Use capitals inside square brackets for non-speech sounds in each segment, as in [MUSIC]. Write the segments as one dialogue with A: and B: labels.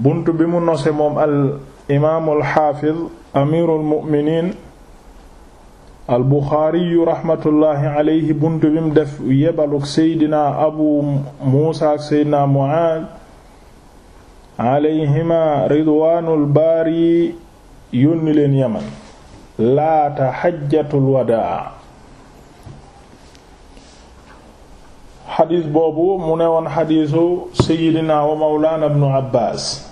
A: bunt bi mu nose moom al imaamu alxaafiz amiru almuminin albuxaariyu raxmatullahi aleyhi bunt bi mu yebaluk seydina abu muusa seydina muaaz aleyhima ridwaanul baari yónni leen yaman laata xajjatul wadaa xadiis boobu mu ne woon xadiisu seydina wa mawlaana ibnu abbaas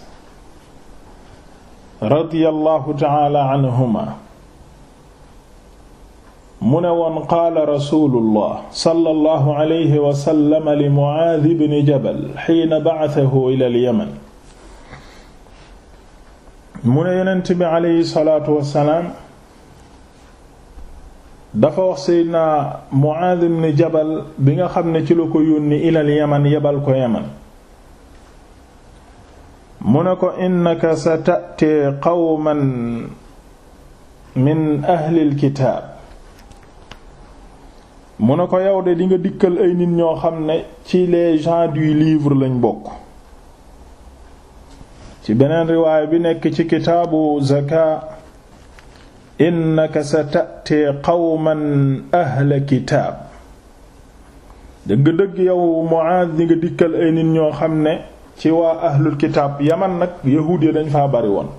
A: radiyallahu taala anhuma mu ne woon qaala rasulullah sallallahu alayhi wa sallam li Muaaz ibn Jabal hiina ba'athahu ila al-Yaman mu ne yonent bi alayhi salaatu wa salaam dafa wax Seydina Muaaz ibn Jabal bi nga xam ne ci la ko yónni ila al-Yaman yebal ko Yaman mu ne ko innaka sa tatee qawman min ahlil kitaab mu ne ko yow de di nga dikkal ay nit ñoo xam ne ci les gens du livre lañ bokk ci beneen riwaay bi nekk ci kitaabu zaka innaka sa tatee qawman ahla kitaab dëgg dëgg yow Muaaz di dikkal ay nit ñoo xam ne ci waa ahlul kitaab yaman nag yahuud ya dañ faa bari woon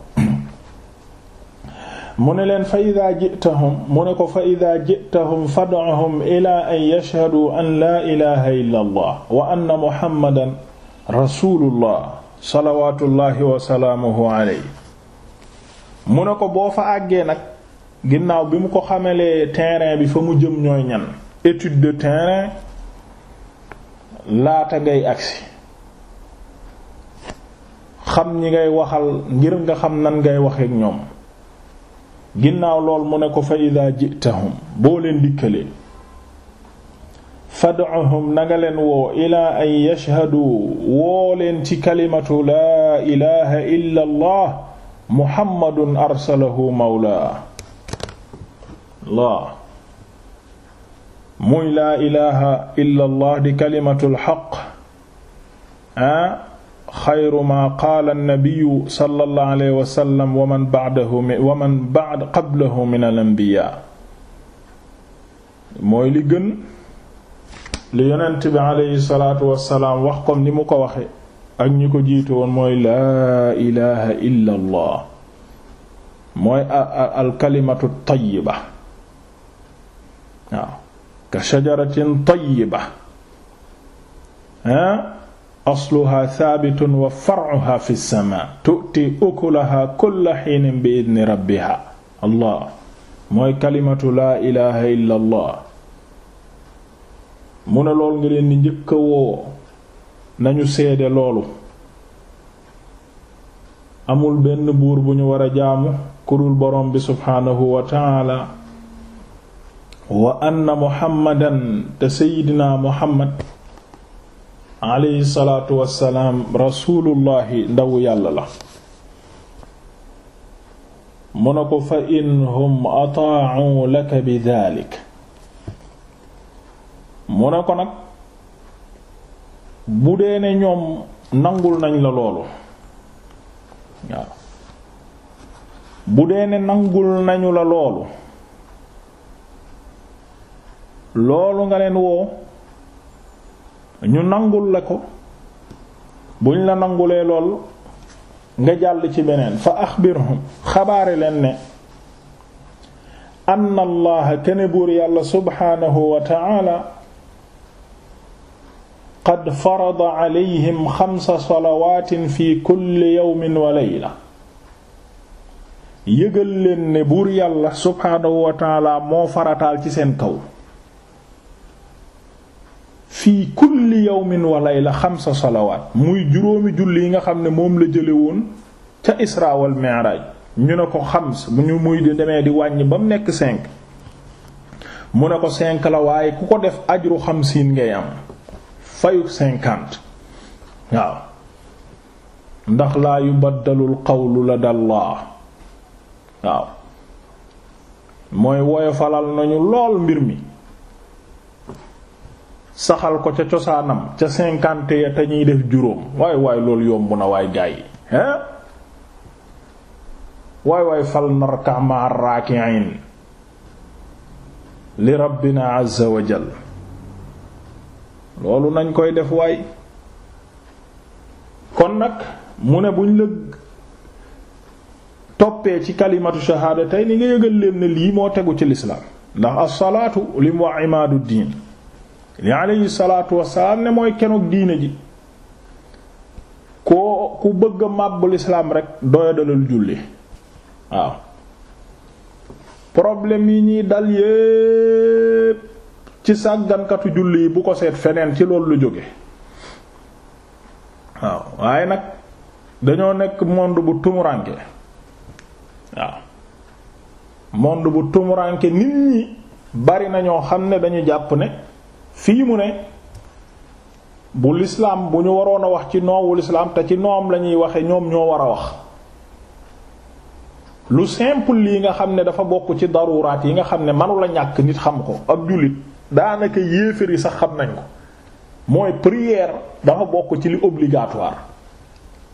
A: mu ne leen fa ida jitahum mu ne ko fa ida ila an yashhadu an laa ilaha illa wa anna muhammadan rasulullah salawatullahi wasalaamuhu alayhi mu ne ko boo fa àggee nag ginnaaw bi mu ko xamalee terrain bi fa mu jëm ñooy ñan étude de terrain laata ngay agsi xam ñi ngay waxal ngir nga xam nan ngay waxeek ñoom ginnaaw lool mu ne ko fa ida jitahum boo leen dikkalee fad'uhum na nga leen woo ilaa an yashhadu woo leen ci kalimatu laa ilaha illa allah muhammadun arsalahu mawla laa muy laa ilaha illa allah di kalimatul xaq xayru maa qaala nabiyu sallallahu alayhi wa sallam wa man ba'dahu wa man ba'd qablahu min al anbiyaa mooy li gën li yonent bi alayhi salaatu wassalaam wax comme ni mu ko waxe ak ñi ko jiitu woon mooy laa ilaha illa allah mooy al kalimatu tayyiba waaw ka shajaratin tayyiba ha asluha thabitun mooy kalimatu laa ilaha illa allah mu nañu seede loolu amul benn buur bu ñu war a jaamu kudul borom bi subhaanahu wa taala wa anna muhammadan te seydinaa muhammad alayhi salaatu wassalaam rasuulullahi yàlla la mu ne ko fa in hum bi daalik mu ko nag bu dee ne ñoom nangul nañ la loolu bu dee ne nangul nañu la loolu loolu nga leen woo ñu nangul la ko buñ la nangulee lool nga jàll ci beneen fa axbirhum xabaare leen ne anna allaha buur yàlla subhaanahu wa ta'ala qad farada alayhim xamsa salawaatin fi kulli yawmin wa layla yëgal leen ne buur yàlla subhaanahu wa ta'ala moo farataal ci seen kaw fii kulli yawmin wa layla xamsa salawaat muy juróomi julli yi nga xam ne moom la jële woon ca isra wal mi'raj ñu ne ko xams bu ñu muy di demee di wàññi ba mu nekk cinq mu ne ko cinq la waaye ku ko def ajru xamsiin ngay am fayu cinquante waaw ndax laa yubaddalul qawlu la dallaa waaw mooy woyofalal nañu lool mbir mi saxal ko ca cosaanam ca cinquante ya te ñuy def juróom waay waay loolu yomb na waay gaa yi hein waay waay fal narka ma raaki'in li rabbina azza wa loolu nañ koy def waay kon nag mu ne buñ la toppee ci kalimatu shahaada tey ni nga yëgal leen lii moo tegu ci lislaam ndax as-salaatu lim wa imaadu diin li alayhi salaatu wassalaam ne mooy kenug diine ji koo ku bëgg a màbbu lislaam rek doyadalal julli waaw problème yi ñuy dal yépp ci sàggankatu julli yi bu ko seet feneen ci loolu lu jóge waaw waaye nag dañoo nekk monde bu tumuranke waaw monde bu tumuranke nit ñi bari na ñoo xam ne dañu jàpp ne fii mu ne bu lislaam bu ñu waroon a wax ci noowu lislaam te ci noom lañuy waxe ñoom ñoo war a wax lu simple lii nga xam ne dafa bokk ci daruraat yi nga xam ne manula ñàkk nit xam ko ak jullit daanaka yéefar yi sax xam nañ ko mooy prière dafa bokk ci li obligatoire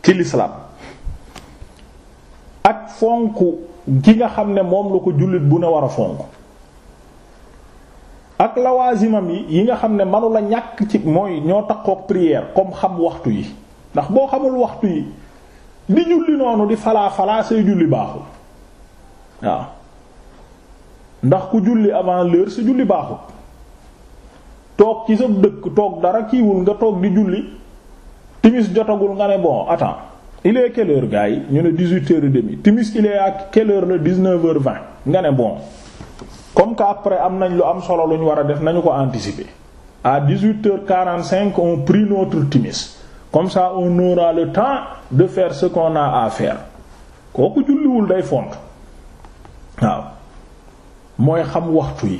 A: ci lislaam ak fonk gi nga xam ne moom la ko jullit bu ne war a fonk ak lawaasimam yi yi nga xam ne manu la ñàkk ci mooy ñoo takkook prière comme xam waxtu yi ndax boo xamul waxtu yi di julli noonu di falaa falaa say julli baaxul waaw ndax ku julli avant l'heure si julli baaxul toog ci sa dëkk toog dara kiiwul nga toog di julli timis jotagul nga ne bon attends il est quelle heure gars ñu ne dix-huit heures et demie timis il est à quelle le dix-neuf heures nga ne bon comme que après am nañ lu am solo lu ñu war a def nañu ko anticiper à 18h45 on prie notre timis comme ça on aura temps de faire ce qu'on a à kooku julliwul day font waaw mooy xam waxtu yi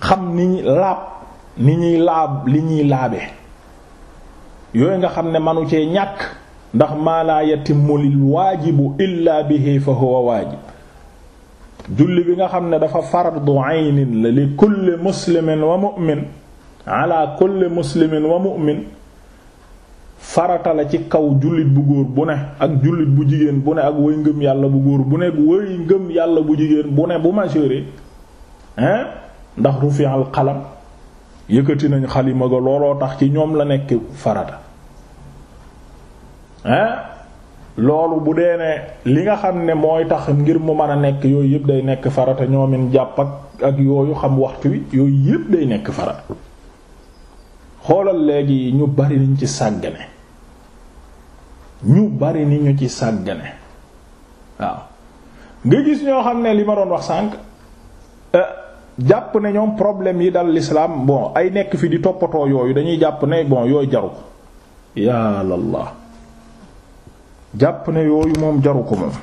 A: xam ni laab ni ñuy laab li ñuy laabe yooyu nga xam ne manu cee ñàkk ndax maa laa yatimmu lil waajibu illa bihi fa huwa waajib julli bi nga xam ne dafa fardu aynin la li kulli muslimin wa mu'min ala kulli muslimin wa mu'min farata la ci kaw jullit bu góor bu ne ak jullit bu jigéen bu ne ak wëy ngëm yàlla bu góor bu ne wëy ngëm yàlla bu jigéen bu ne bu majeure hein ndax rufi al qalam yëkkati nañ xalima ga looloo tax ci ñoom la nekk farata hein loolu bu dee ne li nga xam ne mooy tax ngir mu man a nekk yooyu yëpp day nekk farata ñoomin jàpp ak yooyu xam waxtu wi yooyu yëpp day nekk farata xoolal léegi ñu bari niñ ci sàggane ñu bari ni ñu ci sàggane waaw nga gis ñoo xam ne li ma doon wax sànq eh, jàpp ne ñoom problème yi dal lislaam bon ay nekk fi di toppatoo yooyu dañuy jàpp ne bon yooyu jaru yàlla jàpp ne yooyu moom jaru ko moom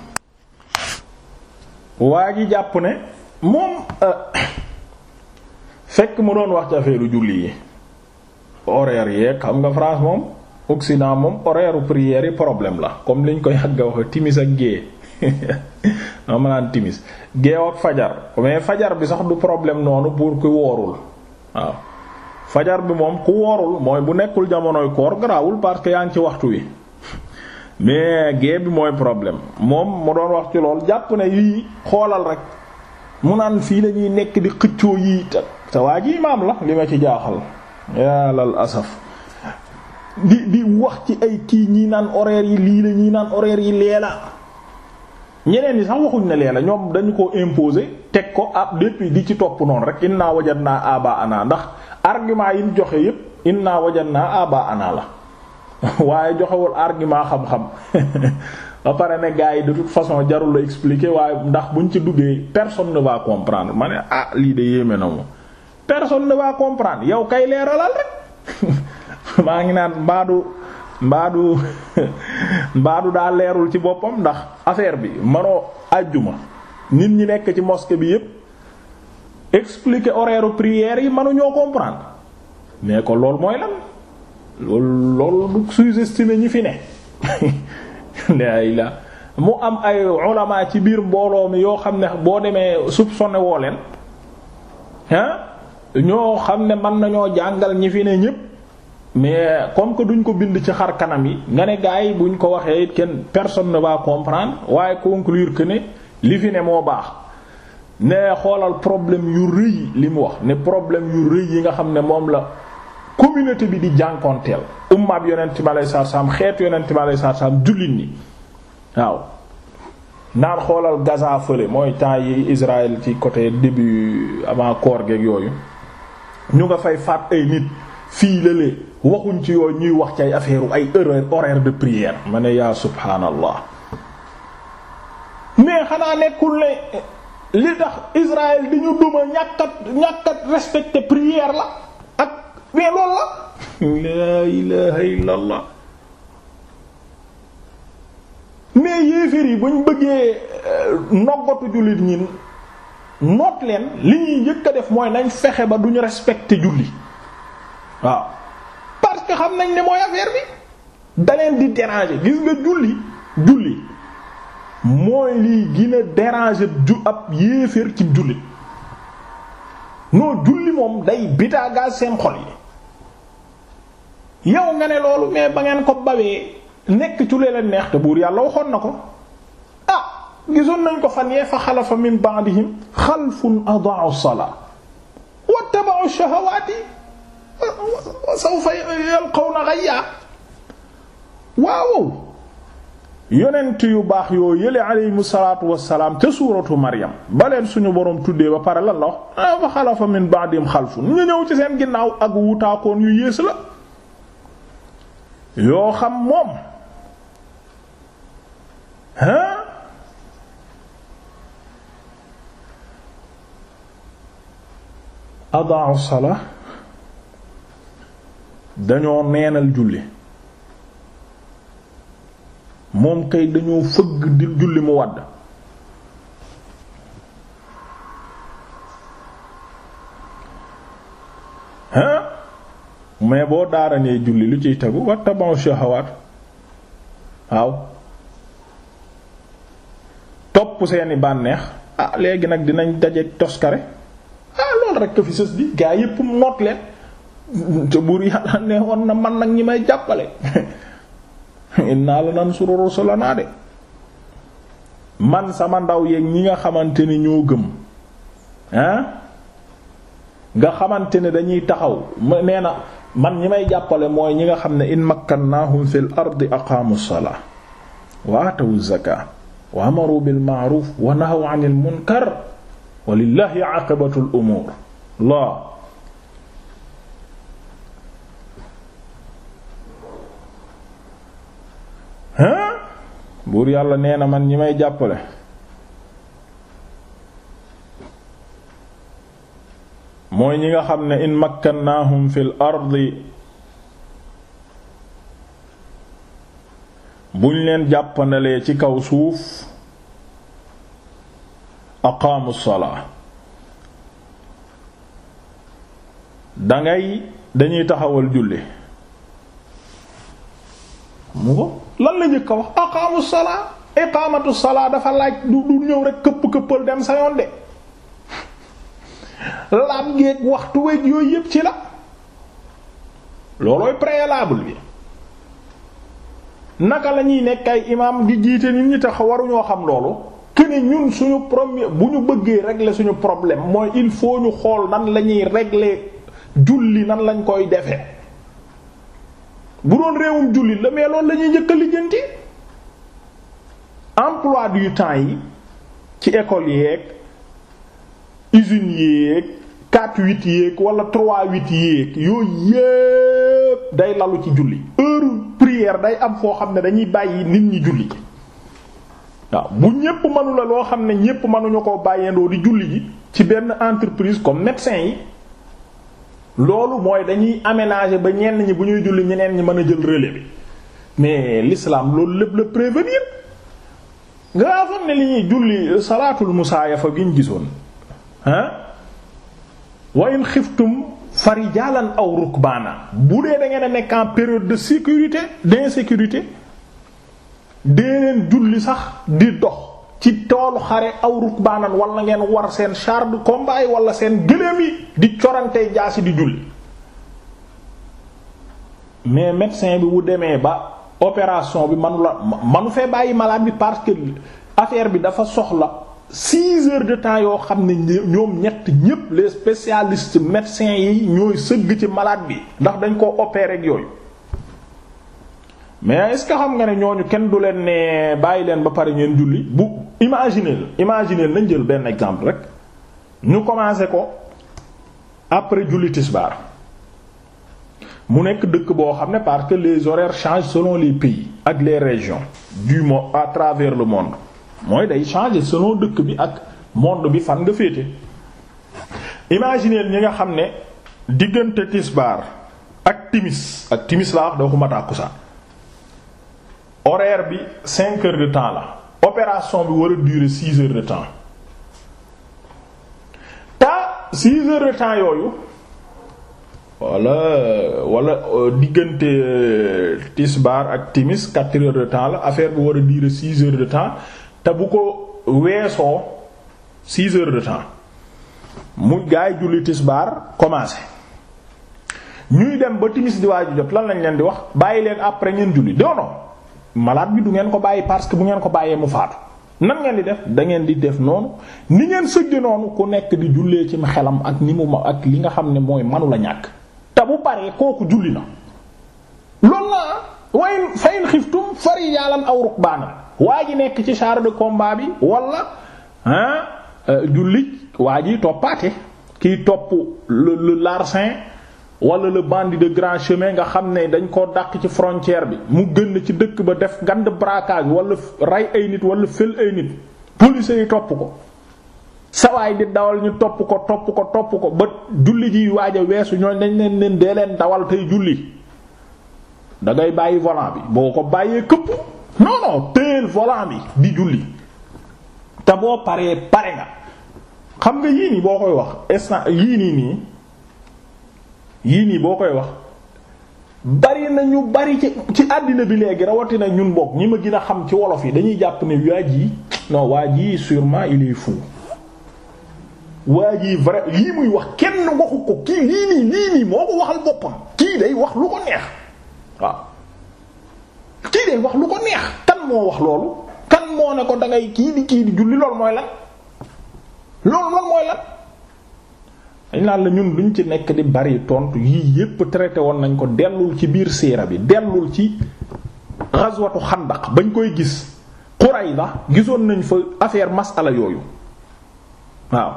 A: waa ji jàpp ne moom euh, fekk mu doon wax ci affaire julli yi horaire yee xam nga France moom Occident moom horaire prière yi problème la comme liñ koy yàgg a timis ak gée [LAUGHS] ma naan timis gée ak fajar mais fajar bi sax du problème noonu pour ku woorul waaw fajar bi moom ku woorul mooy bu nekkul jamonoy koor garaawul parce que yaa ngi ci waxtu wi. mais gée bi mooy problème moom mu doon wax ci lool jàpp na yii xoolal rek mu naan fii lañuy nekk di xëccoo yii te te waa ji maam la li ma ci jaaxal yàllal asaf di di wax ci ay kii ñii naan horaire yi lii la ñii naan horaire yi lee la ñeneen yi sax waxuñ ne lee la ñoom dañu ko imposer teg ko ab depuis di ci topp noonu rek naa inna wajadna aba ana ndax argument yi mu joxe yépp inna wajadna aba ana la [LAUGHS] waaye joxewul argument xam-xam [LAUGHS] ba pare ne gars yi de toute façon jarul la waaye ndax buñ ci duggee personne ne va comprendre ma ne ah lii de yéeme na moom personne va comprendre yow kay leeralal rek [LAUGHS] maa ngi naan mbaadu mbaadu mbaadu daa leerul ci boppam ndax affaire bi manoo àjjuma nit ñi nekk ci mosquée bi yépp expliqué horaire prière yi mënuñoo comprendre mais ko loolu mooy lan. loolu loolu du sous-estimer ñi fi ne laay [LAUGHS] la mu am ay ulama ci biir mbooloo mi yoo xam ne boo demee soupçonné woo leen ah ñoo xam ne mën nañoo jàngal ñi fi ne ñépp mais comme que duñ ko bind ci xar kanam yi nga ne gars yi buñ ko waxee it kenn personne ne va comprendre waaye conclure que ne li fi ne moo baax ne xoolal problème yu rëy li mu wax ne problème yu rëy yi nga xam ne moom la communauté bi di jànkoonteel ummaab yonent bi alayhi salaam xeetu yonent bi alayhi salaam jullit ñi waaw naar xoolal Gaza fële mooy temps yi Israël ci côté début avant koor geeg yooyu ñu nga fay faat ay nit fii lële waxuñ ci yooyu ñuy wax ci ay affaire ay horaire horaire de prière ma ne yaa subhaanallah mais xanaa nekkul ne li tax Israël di ñu duma ñàkkat ñàkkat prière la mais loolu la laa ilaha illa mais yéeféer yi bañ bëggee euh, noggatu jullit ñi noot leen li ñuy njëkk a def mooy nañ fexe ba duñu respecter julli waaw parce que xam nañ ne mooy affaire bi da di déranger gis nga julli julli mooy lii gën a déranger ju ab yéeféer ci jullit noo julli moom day bitaagaa seen xol yi yow nga ne loolu mais ba ngeen ko bawee nekk ci leen neex buur yàlla waxoon na ko ah gisoon nañ ko fan yee fa xalafa min ba'dihim xalfun adaa'u salaa wattaba'u shahawaati wa sawfa yalqawna ghayya waaw yonent yu baax yoo yële aleyhimu salaatu wassalaam te suuratu Maryam ba leen suñu boroom tuddee ba pare lan la wax ah, fa xalafa min ba'dihim xalfun ñu ñëw ci seen ginnaaw ak wutaakoon yu yées la yoo xam moom hein adaa dañoo neenal julli moom kay dañoo fëgg di julli mu wadd hein mais boo daara nee julli lu ciy tegu wa tabaw shahawaat waaw topp seeni bànneex ah léegi nag dinañ dajeeg toskare ah loolu rekk fi sës bi gaa yépp noot leen te buur yàlla ne woon na man nag ñi may jàppale [LAUGHS] inna la nansuru rusulana de man sama ndaw yeeg ñi nga xamante ni ñoo gëm ah nga xamante ne dañuy taxaw nee na man ñi may jàppale mooy ñi nga xam ne in makkannahum fil ardi aqaamu salaa wa atawu zakaa wa amaru bil yàlla nee na man ñi may jàppale mooy ñi nga xam ne in makkannaahum fil ardi buñ leen jàppandalee ci kaw suuf aqaamu salaa dangay dañuy taxawal julli mu ko lan la wax aqaamu salaa iqaamatu salaa dafa laaj du du ñëw rek këpp këppal dem sa yoon de laam ngeeg waxtu weeg yooyu yépp ci la loolooy préalable bi naka lañuy ñuy nekk ay imaam di jiite nit ñi tax waruñoo xam loolu que ne ñun suñu premier bu ñu bëggee regle suñu problème mooy il faut ñu xool nan lañuy regle régler julli nan lañ koy defee bu doon réewum julli la mais loolu la njëkk a lijjanti emploi du temps yi ci école yeeg. usines yéeg 4 8 yéeg wala 3 8 yéeg yooyu yépp day lalu ci julli heure prière day am foo xam ne dañuy bàyyi nit ñi julli waaw bu ñépp mënu la loo xam ne ñépp mënuñu koo bàyyendoo di julli ji ci benn entreprise comme médecin yi loolu mooy dañuy aménager ba ñenn ñi bu ñuy julli ñeneen ñi mën a jël relais bi mais l'islam loolu lépp la prévenir nga xam ne li ñuy julli salaatul musaayafa gi ñu gisoon wa in xiftum farijaalan aw rukbaana bu dee da ngeen a nekk en période de sécurité d'insécurité dee leen julli sax di dox ci toolu xare aw rukbaanan wala ngeen war seen char de combat wala seen gëléem yi di corante jaasi di julli mais médecin bi bu demee ba opération bi manu manu fee bàyyi malade bi parce que affaire bi dafa soxla six heures de temps yoo xam ne ñoom ñett ñépp les spécialistes médecins yi ñooy sëgg ci malaat bi ndax dañ ko opérer ak yooyu mais est que xam nga ne ñooñu kenn du leen ne bàyyi leen ba pare ngeen julli bu imaginer la imaginer nañ jël benn exemple rek ñu commencé ko après julli tisbaar mu nekk dëkk boo xam ne parce que les horaires changent selon les pays ak les régions du monde à travers le monde mooy day changer selon dëkk bi ak monde bi fan nga féete imaginer ñi nga xam ne diggante tisbaar ak timis ak timis la wax doo ko mataaku sa horaire bi cinq heures de temps la opération bi war a durer six heures de temps ta six heures de temps yooyu wala wala euh, diggante euh, tisbaar ak timis quatre heures de temps la affaire bi war a durer six heures de temps te bu ko weesoo six heures de temps mu gaay julli tisbaar commencé ñuy dem ba timis di waaju jot lan lañ leen di wax bàyyi leen après ngeen julli non non bi du ngeen ko bàyyi parce que bu ngeen ko bàyyee mu faatu nan ngeen di def da ngeen di def noonu ni ngeen sëgge noonu ku nekk di jullee ci xelam ak ni mu ma ak li nga xam ne mooy manu la ñàkk te bu paree kooku julli na loolu la ah. wayn fayn xiftum farijaalan aw rukbaana waa ji nekk ci char de combat bi wala ah jullit waa ji toppaate kiy topp le le larcin wala le bandit de grand chemin nga xam ne dañ koo dàq ci frontière bi mu gën ci dëkk ba def gand braquage wala rey ay nit wala fël ay nit police yi topp ko sawaay di dawal ñu topp ko topp ko topp ko ba julli ji waaj weesu ñooñ dañ leen leen dee leen dawal tey julli da ngay bàyyi volant bi boo ko bàyyee këpp non non volant bi di julli te boo paree pare nga xam nga yii nii boo koy wax instant yii nii nii yii nii boo koy wax bari na ñu bari ci àddina bi léegi rawatina ñun bokk ñi ma gin a xam ci wolof yi dañuy jàpp ne waa ji non waa ji sûrement il est fou waa ji vrai lii muy wax kenn waxu ko kii lii nii lii nii moo ko waxal boppam kii day wax lu ko neex. waaw kii day wax lu ko neex kan moo wax loolu kan moo ne ko dangay kii di kii di julli loolu mooy lan loolu loolu mooy lan dañ naan la ñun luñ ci nekk di bari tontu yii yépp traité woon nañ ko dellul ci biir siira bi dellul ci ghazwatu xandaq bañ koy gis la gisoon nañ fa affaire masala yooyu waaw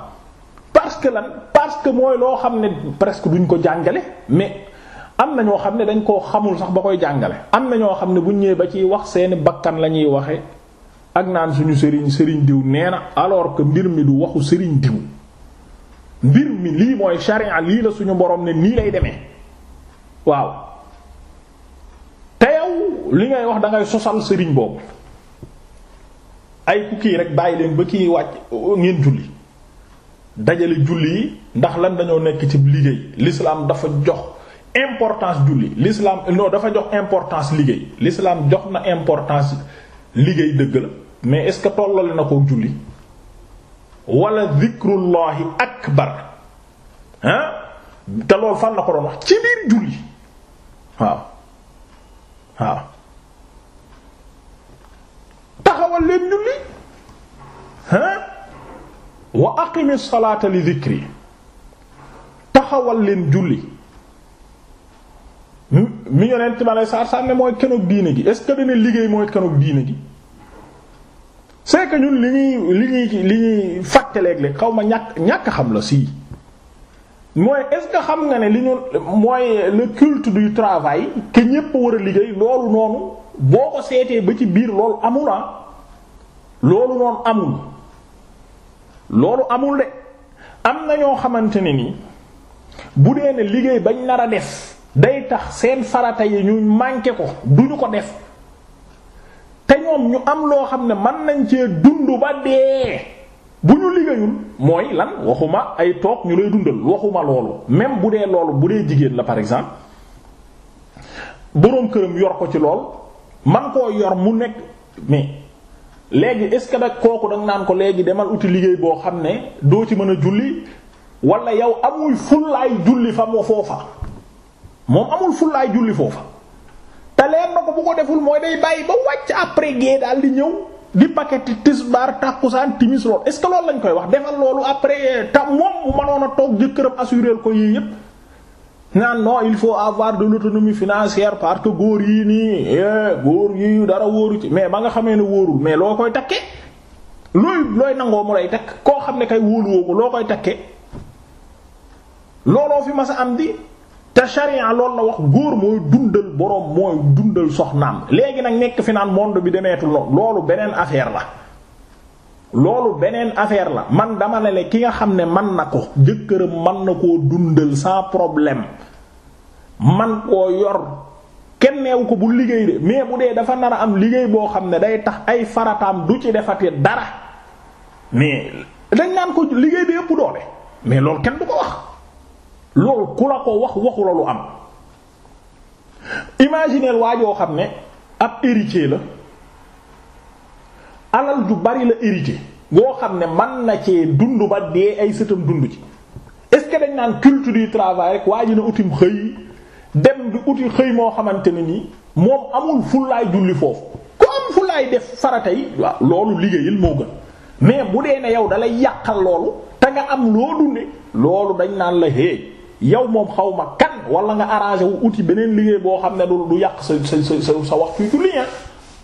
A: parce que lan parce que mooy loo xam ne presque duñ ko jàngale mais am na ñoo xam ne dañ koo xamul sax ba koy jàngale am na ñoo xam ne bu ñëwee ba ciy wax seeni bakkan la ñuy waxe ak naan suñu sëriñ sëriñ diw nee na alors que mbir mi du waxu sëriñ diw mbir mi lii mooy sharia lii la suñu borom ne nii lay demee waaw te yow li ngay wax da sosal sëriñ boobu ay ku kii rek bàyyi leen ba kii wàcc ngeen julli dajale julli yi ndax lan dañoo nekk ci liggéey l'islam dafa jox importance julli l'islam non dafa jox importance liggéey l'islam jox na importance liggéey dëgg la mais est-ce que tollale na ko julli wala zikrullahi akbar ah te loolu fan la ko doon wax ci biir julli waaw waaw taxawal leen julli ah wa aqimis salata li taxawal leen julli Hmm? mi yonent ma lay saar saar ne mooy kenoog diine gi est-ce que dana liggéey mooy kenoog diine gi c'est que ñun li ñuy li ñuy li ñuy fàtte léeg xaw ma ñàkk ñàkk xam la si mooy est-ce que xam na ne li ñu mooy le culte du travail que ñépp war a liggéey loolu noonu boo ko seetee ba ci biir loolu amul ah loolu noonu amul loolu amul de am na ñoo xamante ne ni bu dee ne liggéey bañ nar a def. day tax seen farata yi ñu manqué ko duñu ko def te ñoom ñu am loo xam ne mën nañ cee dund ba dee bu ñu liggéeyul mooy lan waxuma ay toog ñu lay dundal waxuma loolu même bu dee loolu bu dee jigéen la par exemple boroom këram yor ko ci lool man koo yor mu nekk mais léegi est-ce que nag kooku danga naan ko léegi demal uti liggéey boo xam ne doo ci mën a julli wala yow amuy fullaay julli fa moo foofa moom amul fullaay julli foofa te leen na ko bu ko deful mooy day bàyyi ba wàcc après gée daal di ñëw di paqueti tisbaar tàkkusaan timis lool est-ce loolu lañ koy wax defal loolu après ta moom mu mënoon a toog jëkkëram assuré ko yii yépp naan noo il faut avoir de l'autonomie financière parce que góor yii nii eh, góor yi dara wóoru ci mais ba nga xamee ne wóorul mais loo koy takke looy looy nangoo mu lay takk koo xam ne kay wóolu ko loo koy takke looloo fi mas a am di te sharia loolu la wax góor mooy dundal boroom mooy dundal soxnaam léegi nag nekk fi naan monde bi demeetu loolu beneen affaire la loolu beneen affaire la man dama ne le ki nga xam ne man na ko jëkkëram man na ko dundal sans problème man koo yor kenn neewu ko bu liggéey de mais bu dee dafa nar a am liggéey boo xam ne day tax ay farataam du ci defati dara mais dañ naan ko liggéey bi ëpp doole mais loolu kenn du ko wax loolu ku la ko wax waxu la lu am imagineel waa joo xam ne ab héritier la alal ju bari la hérité boo xam ne man na cee dund ba dee ay sëtam dund ci est-ce que dañ naan culture du travail rek waa ji na utim xëy dem di uti xëy moo xamante ne nii moom amul fullaay julli foofu ku am fullaay def farata yi waaw loolu liggéeyil moo gën mais bu dee ne yow dalay yàqal loolu te nga am loo dunde loolu dañ naan la hey yow moom xaw ma kan wala nga arrangé wu uti beneen liggéey boo xam ne du du yàq sa sa sa sa wax ci julli hein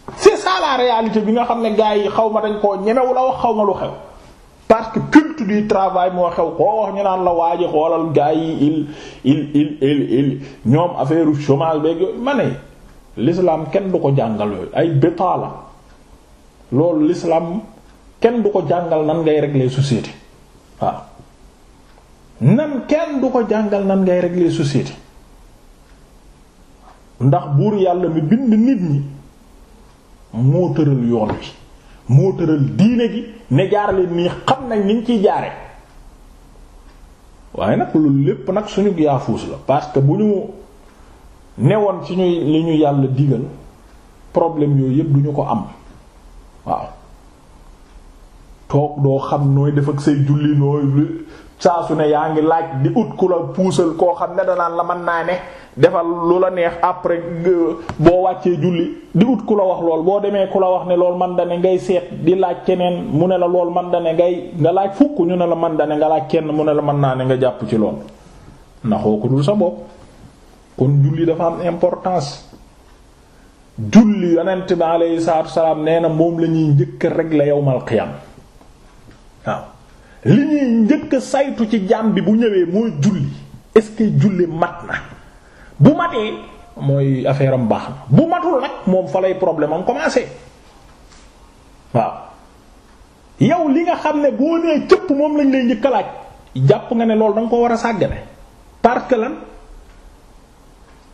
A: ah. c'est bi nga xam ne gars yi xaw ma dañ koo ñemewu la wax xaw ma lu xew parce que culture du travail moo xew koo wax ñu naan la waaji xoolal gars yi il il il il il ñoom affaire chômage beeg yooyu ma ne l'islam kenn du ko jàngal yooyu ay béta la loolu lislaam kenn du ko jàngal nan ngay régler société waaw nan kenn du ko jàngal nan ngay régler société ndax buur yàlla mi bind nit ñi moo tëral yoon wi moo tëral diine gi ne jaar leen nii xam nañ niñ ciy jaare waaye nag loolu lépp nag suñu yaafuus la parce que bu ñu newoon ci ñuy li ñu yàlla digal problème yooyu yépp duñu ko am waaw toog doo xam nooy def ak say julli nooy saa su ne yaa ngi laaj di ut ku la puusal koo xam ne danaan la man naa ne defal lu la neex après boo wàccee julli di ut ku la wax lool boo demee ku la wax ne lool man da ne ngay seet di laaj keneen mu ne la lool man da ne ngay nga laaj fukk ñu ne la man da ne nga laaj kenn mu ne la mën naa ne nga jàpp ci lool ndaxoo ko dul sa bopp kon julli dafa am importance julli yonent bi alayhi salaatu wa salaam nee na moom la ñuy njëkk rek la yawmal qiyaam waaw li ñuy njëkk saytu ci jaam bi bu ñëwee mooy julli est-ce que julli mat na bu matee mooy affaire am baax na bu matul nag moom fa lay problème am waaw yow li nga xam ne boo nee cëpp moom lañ lay njëkk laaj jàpp nga ne loolu da ko war a sàggane parce que lan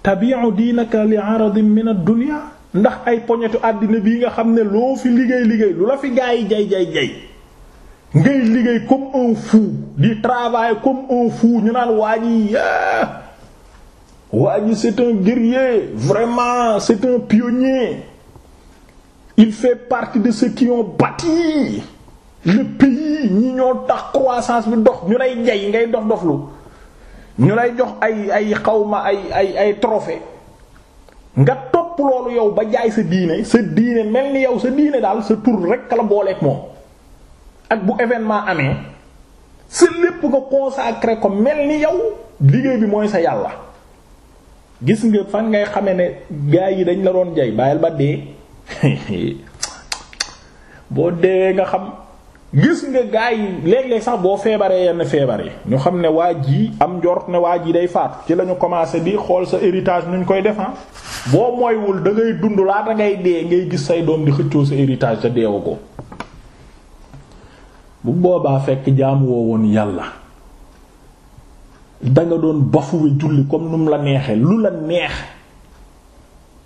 A: tabi'u diinaka li 'aradin min ad-dunya ndax ay poñetu àddina bii nga xam ne loo fi liggéey liggéey lu la fi gaa yi jay jay jay ngay liggéey comme un fou di travailler comme un fou ñu naan waa ji ah, waa ji c'est un guerrier vraiment c'est un pionnier il fait partie de ceux qui ont bâti le pays ñi ñoo tax croissance bi dox ñu lay jay ngay dox doxlu ñu lay jox ay ay xawma ay ay ay trophée nga topp loolu yow ba jaay sa diine sa diine mel ni yow sa diine daal sa tur rekk la booleeg moom ak bu événement amee sa lépp nga consacré ko mel ni yow liggéey bi mooy sa yàlla gis nga fan ngay xame ne gaa yi dañ la doon jay bàyyil ba dee [LAUGHS] boo dee nga xam gis nga gaa yi léeg-léeg sax boo feebaree yenn feebar yi ñu xam ne waa jii am njort ne waa ji day faat ci lañu commencé di xool sa héritage nuñ koy defan ah. boo moywul da ngay dund laata ngay dee ngay gis say doom di xëccoo sa héritage sa deewu ko bu boobaa fekk jaamu woo woon yàlla danga doon bafuwe julli comme nu mu la neexee lu la neex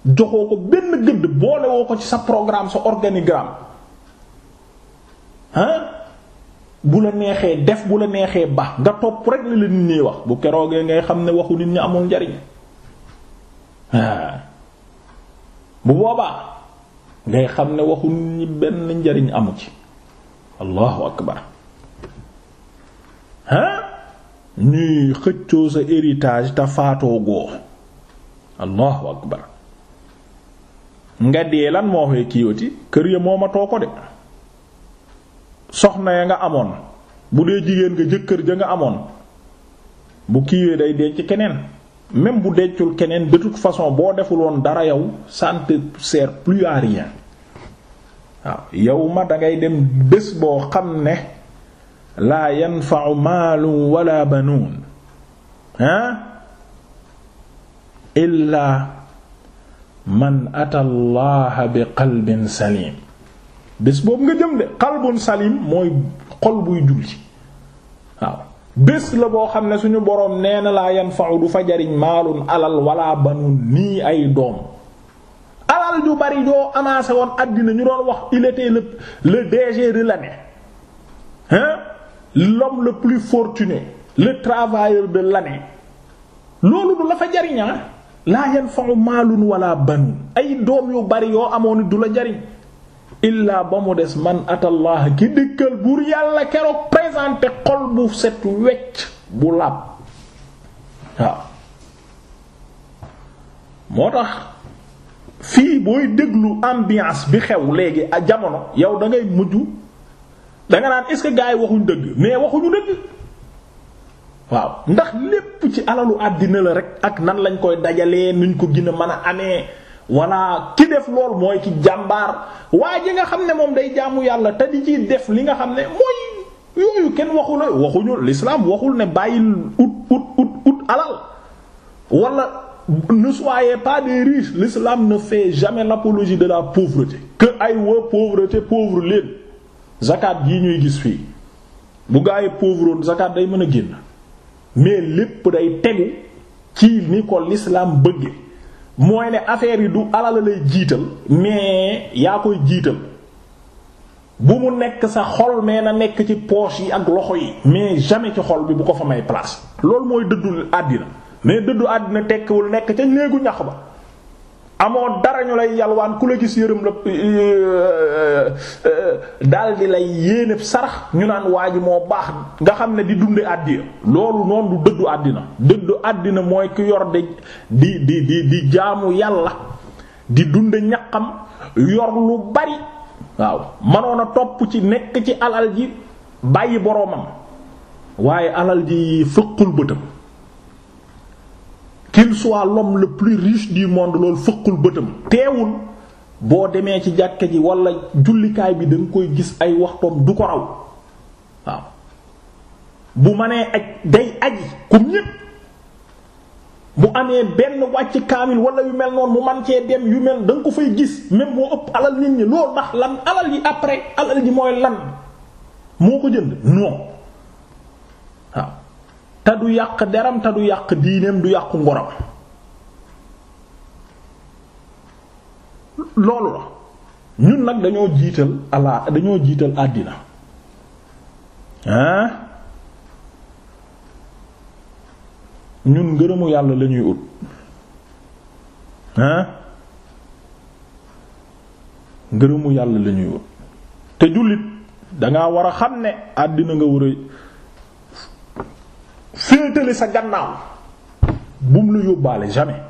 A: joxoo ko benn gëdd boole woo ko ci sa programme sa organigramme hein bu la neexee def bu la neexee ba nga topp rek li la nit ñi wax bu keroogee ngay xam ne waxu nit ñi amul njariñ bu boobaa ngay xam ne waxu nit ñi benn njariñ amu ci allahu akbar ah ñuy xëccoo sa héritage te faatoo goo allahu akbar nga dee lan moo fee kiiwati kër ya moomatoo ko de soxna ya nga amoon bu dee jigéen nga jëkkër ja nga amoon bu kiiwee day denc keneen même bu dencul keneen de toute façon boo defuloon dara yow ça ne te sert plus à waaw yow ma dangay dem bés boo xam ne laa yanfa'u maalun wala banuun ah illaa man ata allaha bi qalbin salim bés boobu nga jëm de qalbun salim mooy xol buy julli waaw bés la boo xam ne suñu boroom nee na laa yanfa'u du fa jariñ maalun alal wala banuun nii ay doom alal ju bari joo amassé woon àddina ñu doon wax il était le le DG de l'année hein l'homme le plus fortuné loolu du la fa jariñaa ah. laa yanfa'u maalun wala banun ay doom yu bari yoo amoon du la jariñ illaa ba mu des man atallah ki dikkal buur yàlla keroog présenté xol bu set wecc bu làpp moo tax fii booy déglu ambiance bi xew léegi a jamono yow da ngay mujj danga naan est-ce que gars yi waxuñ dëgg mais waxuñu dëgg waaw ndax lépp ci alalu àddina la rek ak nan lañ koy dajalee nuñ ko gën a mën a amee walla ki def lool mooy ki jàmbaar waa ji nga xam ne moom day jaamu yàlla te di ci def li nga xam ne mooy yooyu kenn waxu la waxuñu l'islam waxul ne bàyyil ut ut ut ut alal walla ne soyez pas des riches l'islam ne fait jamais l'apologie de la pauvreté que ay wa pauvreté pauvre leen zakat yi ñuy gis fii bu gaa yi pauvroon day mën a génn mais lépp day tegu ci ni ko l'islam bëgge mooy ne affaire yi du alal lay jiital mais yaa koy jiital bu mu nekk sa xol mais na nekk ci poche yi ak loxo yi mais jamais ci xol bi bu ko fa may place loolu mooy dëddul àddina mais dëddu àddina tekkiwul nekk ca néegu ñax ba amoo dara ñu lay yalwaan ku la gis yërëm la euh, euh, euh, daldi lay yéene sarax ñu naan waa ji moo baax nga xam ne di dunde àddina loolu noonu du dëddu àddina dëddu àddina mooy ki yor di di di di jaamu yàlla di dunde ñaqam yor lu bari waaw manoon a topp ci nekk ci alal ji bàyyi boroomam waaye alal ji fëqul bëtam qu'il soit l'homme le plus riche du monde loolu fëqul bëtam teewul boo demee ci jàkka ji walla jullikaay bi da koy gis ay waxtoom du ko raw waaw bu mënee aj day aji comme ñépp bu amee benn wàcc kaamil wala yu mel noonu mu man cee dem yu mel da ko fay gis même boo ëpp alal nit ñi loolu ndax lan alal yi après alal ji mooy lan moo ko jënd non te du yàq deram te du yàq diineem du yàqu ngoram loolu la ñun nag dañoo jiital ala dañoo jiital àddina hein ñun ngërëmu yàlla lañuy ut hein ngërëmu yàlla lañuy ut te jullit danga war a xam ne àddina nga war a féetale sa gannaaw bum lu yóbbaale jamais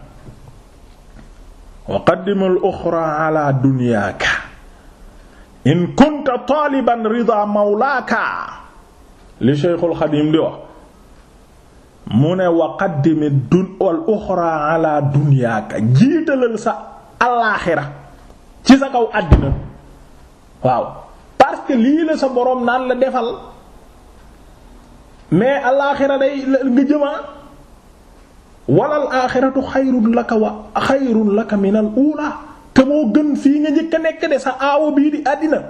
A: wa qaddimal uxra ala dunyaaka in kunta taaliban rida mawlaaka li Cheikhul Xadim di wax mu ne wa qaddimi dun wal uxra jiitalal sa alaaxira ci sa kaw àddina waaw parce que lii la sa boroom naan la defal mais alaaxira day nga jëmaa ah. walal aaxiratu xayrun laka wa xayrun laka minal uula te moo gën fii nga jëkk a nekk de sa aawo bii di àddina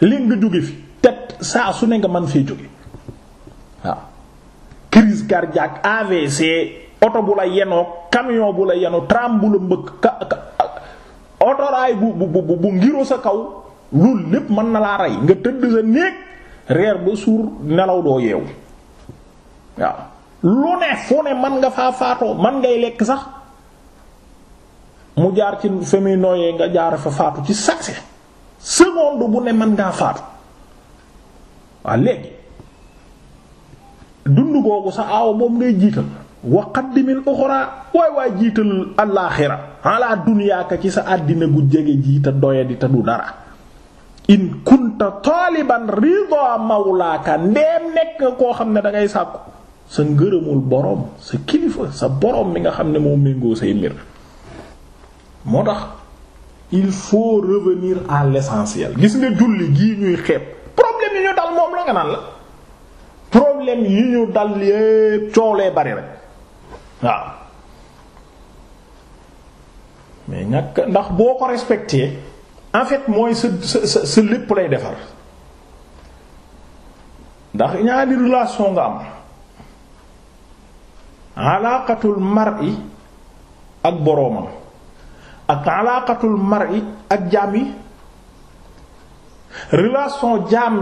A: léegi nga jóge fi te saa su ne nga mën fee jóge waaw crise cardiaque AVC oto bu la yenoo camion bu la yenoo tram bu la mbëkk otoraay bu bu bu bu ngiro sa kaw loolu lépp mën na laa rey nga tëdd sa néeg reer ba suur nelaw doo yeewu waaw lu ne fu ne man nga faa faatoo man ngay lekk sax mu jaar ci fa nooyee nga jaar fa faatu ci saase seconde bu ne man ngaa faatu waaw léegi dund googu sa aaw boobu ngay jiital wa qaddimil uxra waay waay jiital alaaxira ala dunyaaka ci sa àddina gu jege jiita doyadi te du dara in kunta taaliban rida mawlaaka ndeem nekk koo xam ne dangay sàkku sa ngërëmul boroom sa kilifa sa boroom mi nga xam ne moo méngoo say mbir moo tax il faut revenir à l'essentiel gis nga julli gii ñuy xeeb problème yi ñu dal moom la nga naan la problème yi ñu dal yépp coolee bari rek waaw mais ñàkk ndax boo ko respecté en fait mooy sa sa sa lépp lay defar ndax ñaari relation nga am alaaqatul mar'i ak boroomam ak alaaqatul mar'i ak jaam yi relation jaam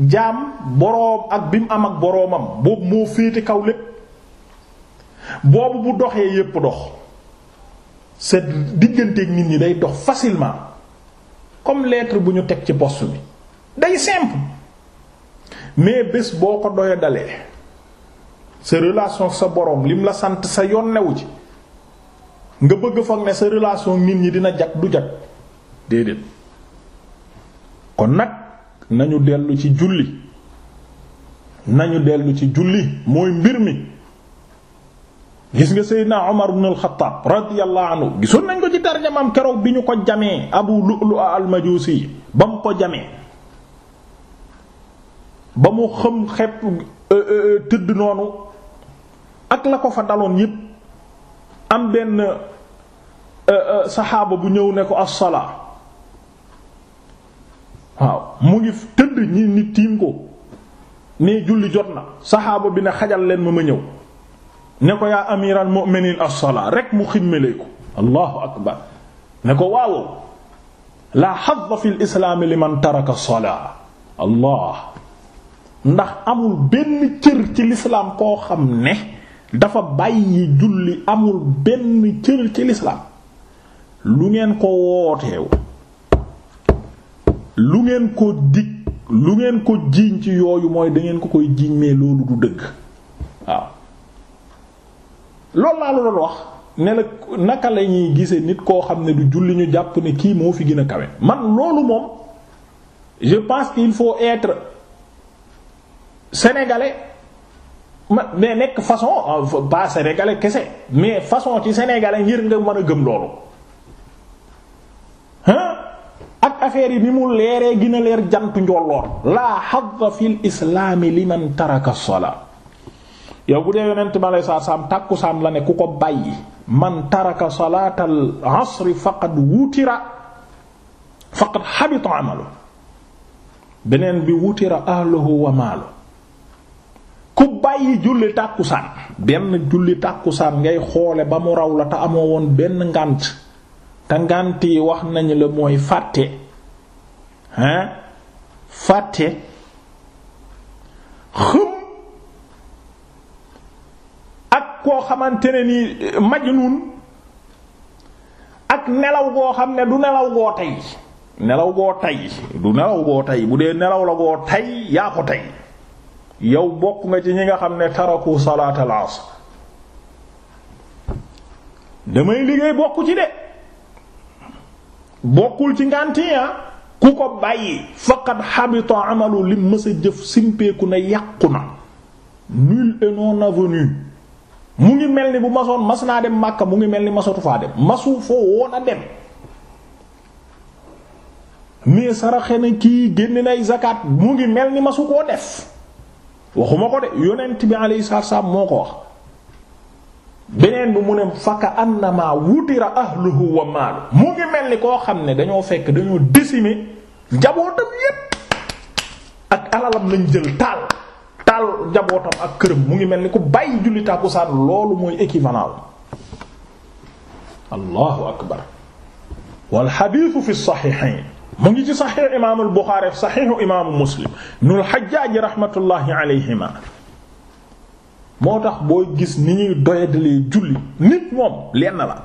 A: jaam boroom ak bi mu am ak boroomam boobu moo féete kaw lépp boobu bu doxee yépp dox sa digganteeg nit ñi day dox facilement comme lettre bu ñu teg ci poste bi day simple mais bés boo ko doya sa relation sa borom lim la sant sa yoon newu ci nga bëgg foog ne sa relation nit ñi dina jag du jag déedéet kon nag nañu dellu ci julli nañu dellu ci julli mooy mbir mi gis nga Seydina Omar ibn al-Khattab radiyallahu anhu gisoon nañ ko ci tarjamaam keroog bi ñu ko jamee Abu Lu'lu'a al-Majusi ba mu ko jamee ba mu xam xepp euh, euh, tëdd noonu ak la ko fa daloon yépp am benn euh, euh, saxaaba bu ñëw ne ko assalaa waaw mu ngi tëdd ñi nit tiim ko ne julli jot na saxaaba bi ne xajal leen ma ma ñëw ne ko yaa amiral mu'minin assalaa rek mu ximmelee ko allahu akbar ne ko waawoo laa xadda fi lislaami liman taraka salaa allah ndax amul benn cër ci lislaam koo xam ne dafa bàyyi julli amul benn cër ci lislaam lu ngeen ko wooteew lu ngeen ko dig lu ngeen ko jiiñ ci yooyu mooy dangeen ko koy jiiñ mais loolu du dëgg waaw loolu laa la doon wax ne la naka la ñuy gisee nit koo xam ne du julli ñu jàpp ne kii moo fi gën a kawe man loolu moom je pense qu'il faut être sénégalais mais nekk façon euh, pas sénégalais kese mais façon ci sénégalais ngir nga mën a gëm loolu hein ak affaire yi ni mu leeree gina leer jant njolloor laa xadda fil islaami liman taraka salaa yow bu dee yonent ma lay saa saam tàkkusaan la ne ku ko bàyyi man taraka salaatal asri faqad wutira faqad xabita amalu beneen bi wutira ahluhu wa maalu ku bàyyi julli tàkkusaan benn julli tàkkusaan ngay xoole ba mu raw la te amoo woon benn ngànt te ngànt yi wax nañu la mooy fàtte hein fàtte xëm ak koo xamante ne ni majnun ak nelaw goo xam ne du nelaw goo tey nelaw goo tey du nelaw goo tey bu dee nelaw la goo tey yaa ko tey yow bokk nga ci ñi nga xam ne taraku salaatal damay liggéey bokk ci de bokkul ci ngàntiya ah. ku ko bàyyi faqad habita amalu lim mës a jëf simpeeku na yàqu na nul et non avenu mu ngi mel ni bu masoon mas naa dem Makka mu ngi mel ni masatu faa dem masu foo woon a dem mais saraxe na kii génn nay zakat mu ngi mel ni masu koo def waxuma ko de yonent bi alayhi salaam moo ko wax beneen bi mu ne fakka annama wutira ahluhu wa maalu mu ngi mel ni koo xam ne dañoo fekk dañoo décimer njabootam yépp ak alalam lañ jël taal taal njabootam ak këram mu ngi mel ni ku bàyyi julli tàkkusaan loolu mooy équivalent allahu akbar wal xadiisu fi saxiixayn mu ngi ci saxiix imaamul Buxaari saxiixu imaamu Muslim nul Xajjaaj rahmatullahi alayhima moo tax booy gis ni ñuy doyadalee julli nit moom na la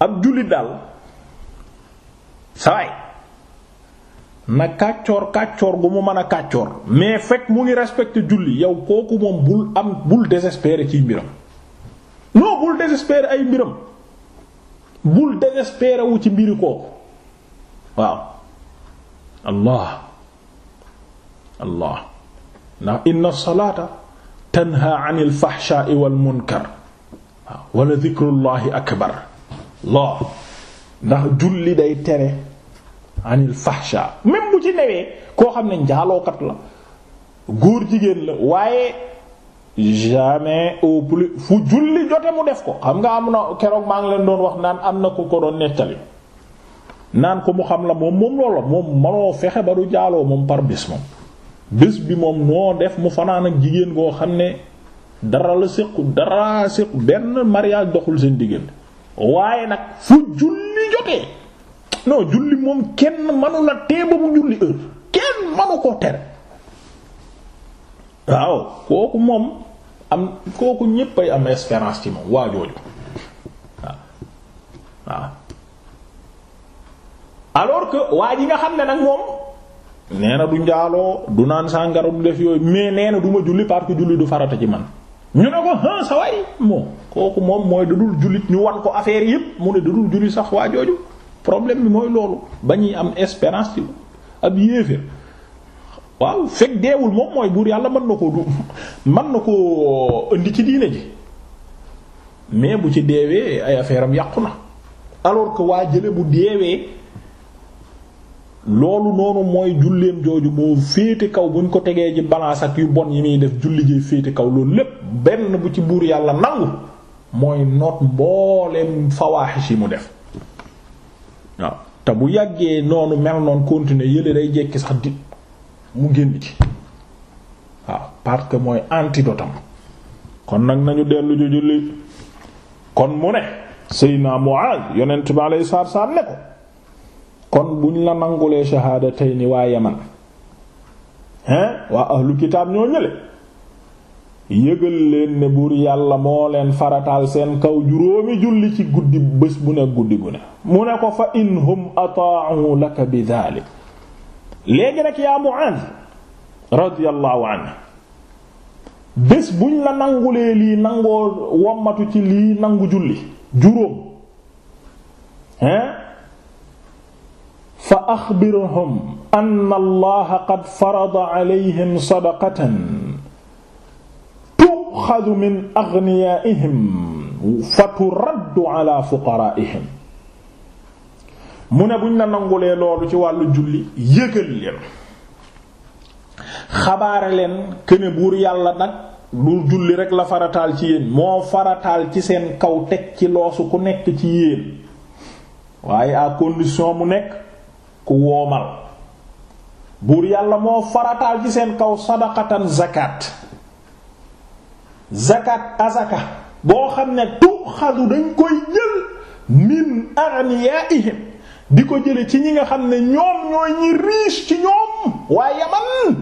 A: ab julli daal sawaay na kàccoor kàccoor gu mu mën a kàccoor mais fekk mu ngi respecté julli yow kooku moom bul am bul désespéré ci mbiram non bul désespéré ay mbiram bul désespéré ci mbiri kooku waaw allah allah ndax inna salaata tanha anil fahsha'i wal munkar waaw wala dhikrullahi akbar loo ndax julli day tere anil fahsha même bu ci newee koo xam ne njaalookat la góor jigéen la waaye jamais au plus fu julli jote mu def ko xam nga am na keroog maa ngi leen doon wax naan am na ku ko doon nettali naan ko mu xam la moom moom lool la moom manoo fexe ba du jaaloo moom par bés moom bés bi moom noo def mu fanaan ak jigéen goo xam ne dara la séqu dara séqu benn mariage doxul seen diggante waaye nag fu julli jotee non julli moom kenn manu la tee ba mu julli kenn manu koo tere waaw kooku moom am kooku ñépp am espérance ci moom waajooju waaw waaw alors que waa ji nga xam ne nag moom nee na du njaaloo du naan sàngara du def yooyu mais nee na du ma julli parce que julli du farata ci man ñu ne ko ah sa moom kooku moom mooy dadul jullit ñu wan ko affaire yëpp mu ne dadul julli sax waa jooju problème bi mooy loolu ba ñuy am espérance ci ab yéeféer waaw fekk deewul moom mooy buur yàlla mën na koo du mën na koo indi ci diine ji mais bu ci deewee ay affaire am yàqu na alors que waa jële bu deewee loolu noonu mooy julleem jooju moo féete kaw buñ ko tegee ci balance ak yu bon yi muy def julli jee féete kaw loolu lépp benn bu ci buur yàlla nangu mooy noot mbooleem fawaaxis yi mu def waaw te bu yàggee noonu mel noon continuer yële day jekki sax di mu génn ci waaw parce que mooy antidotam kon nag nañu dellu ju julli kon mu ne naa Muaz yonent bi alayhi salaam ne ko kon buñ la nangulee shahaadatayni waa yaman hein waa ahlu kitaab ñoo ñële yëgal leen ne buur yàlla moo leen farataal seen kaw juróomi julli ci guddi bés bu ne guddi gu ne mu ne ko fa in hum ataa'u laka bi daalik léegi nag yaa Mu'aaz radiyallahu anhu bés buñ la nangulee lii nangoo wommatu ci lii nangu julli juróom hein fa axbirhum anna allaha qad farada alayhim sadaqatan tuxadu min aghniyaihim fa turaddu ala fuqaraihim mu ne buñ la nangulee loolu ci wàllu julli yëgal leen xabaare leen këne buur yàlla nag du julli rekk la farataal ci yéen moo farataal ci seen kaw teg ci loosu ku nekk ci yéen waaye à condition mu nekk ku woomal buur yàlla moo farataal ci seen kaw sadaqatan zakat zakat azaka boo xam ne tu xadu dañ koy jël min aghniyaihim di ko jële ci ñi nga xam ne ñoom ñooy ñi riche ci ñoom waa yaman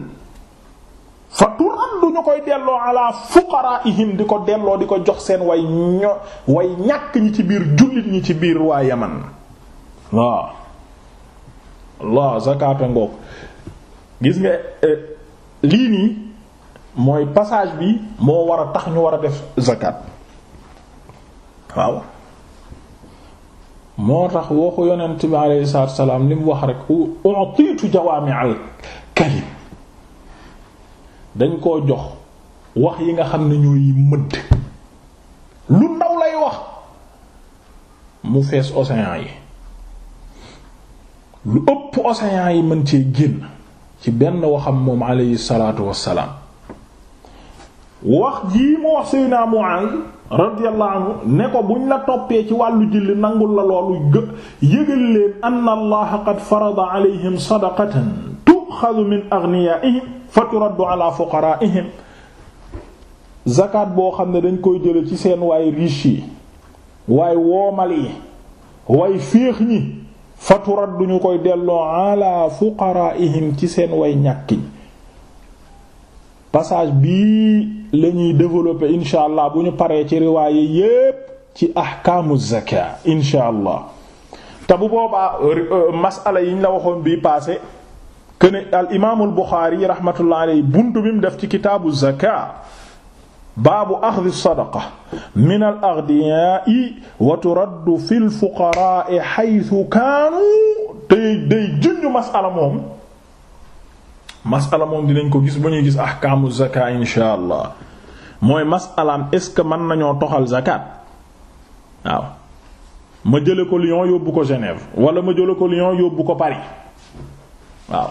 A: fa turaddu ñu koy delloo ala fuqaraihim di ko delloo di ko jox seen way ño way ñàkk ñi ci biir jullit ñi ci biir waa yaman waaw la zakata ngoog gis nga eh, lii nii mooy passage bi moo war a tax ñu war a def zakat waaw moo tax waxu yonent bi alayhi salaatu wa salaam li mu wax rek utiitu kalim dañ ko jox wax yi nga xam ne ñooy mëdd lu ndaw lay wax mu fees océan yi lu ëpp océan yi mën cee génn ci benn waxam moom alayhi salaatu wassalaam wax jii mu wax Seydina Mu'aaz radiyallahu anhu ne ko buñ la toppee ci wàllu julli nangul la loolu gë yëgal leen anna allaha qad farada alayhim sadaqatan tu'xadu min aghniyaa'ihim fa turaddu ala fuqaraa'ihim zakat boo xam ne dañ koy jële ci seen waay riche yi woomal yi waay féex ñi faturat duñu koy delloo ala ci seen way ñàkkiñ passage bii la ñuy développer insha allah bu ñu paree ci riwaaye yépp ci ahkaamu zaka insha allah te bu boobaa euh, masala yiñ la waxoon bii passé que ne al imaamul Buxaari rahmatullah alayhi buntu bi mu def ci kitaabu zaka baabu axdi sadaqa min al aghniyaa'i wa turaddu fil fuqaraa'i haythu kaanu tey day junj mas'ala moom mas'ala moom dinañ ko gis bu ñuy gis ahkaamu zakat inshaa mooy mas'alaam est-ce que mën nañoo toxal zakat waaw ma jële ko Lyon yóbbu ko Genève wala ma jële ko Lyon yóbbu ko Paris waaw